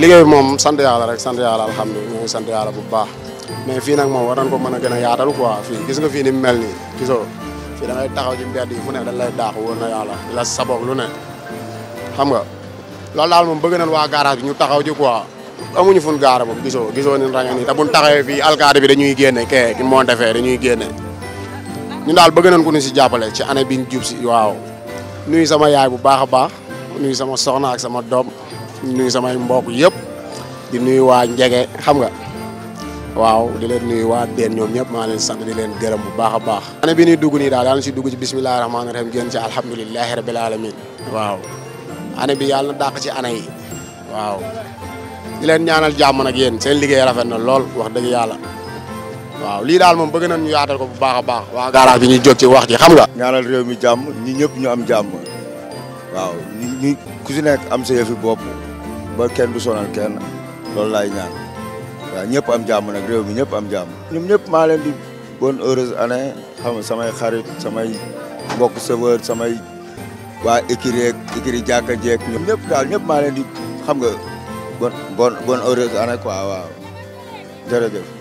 liggéey moom sant yàlla rek sant yàlla alhamdulilah ñoo ngi sant yàlla bu baax mais fii nag moom war nañ ko mën a gën a yaatal quoi fii gis nga fii ni mu mel nii gisoo fii da ngay taxaw ci mbedd yi fu ne dañ lay daax wóor na yàlla di la saboob lu ne xam nga lool daal moom bëgg nan waa garage bi ñu taxaw ci quoi amuñu fun gaara moom gisoo gisoo ni ràññee nii te buñ taxawee fii alkaati bi dañuy génne kee ki monte fee dañuy génne ñu daal bëgg nañ ko ñu si jàppale ci année bi ñu jub si waaw nuyu sama yaay bu baax a baax nuyu sama soxna ak sama doom nuyu samay mbokk yépp di nuyu waa njege xam nga waaw di leen nuyu waa Dén ñoom ñëpp maa leen sant di leen gërëm bu baax a baax. année bi ñuy dugg nii daal daal si dugg ci bisimilah rahmaani rahiim génn ci alhamdulilah rabil alamin waaw année bi yàlla na dàq ci année yi waaw di leen ñaanal jàmm nag yéen seen liggéey rafet na lool wax dëgg yàlla. waaw lii daal moom bëgg na ñu yaatal ko bu baax a baax waa garage bi ñuy jóg wax ji xam nga ñaanal réew mi jàmm ñi ñëpp ñu am jàmm waaw ñi ku si nekk am sa yëfi ba kenn du sonal ken loolu laay ñaan waaw ñëpp am jàmm nag réew mi ñëpp am jàmm ñoom ñëpp maa leen di bonne heureuse année xam nga samay xarit samay mbokk sëveur samay waa écurie ak écurie jàkka jeeg ñoom ñëpp daal ñëpp maa leen xam nga bon bon heureuse année quoi waaw jërëjëf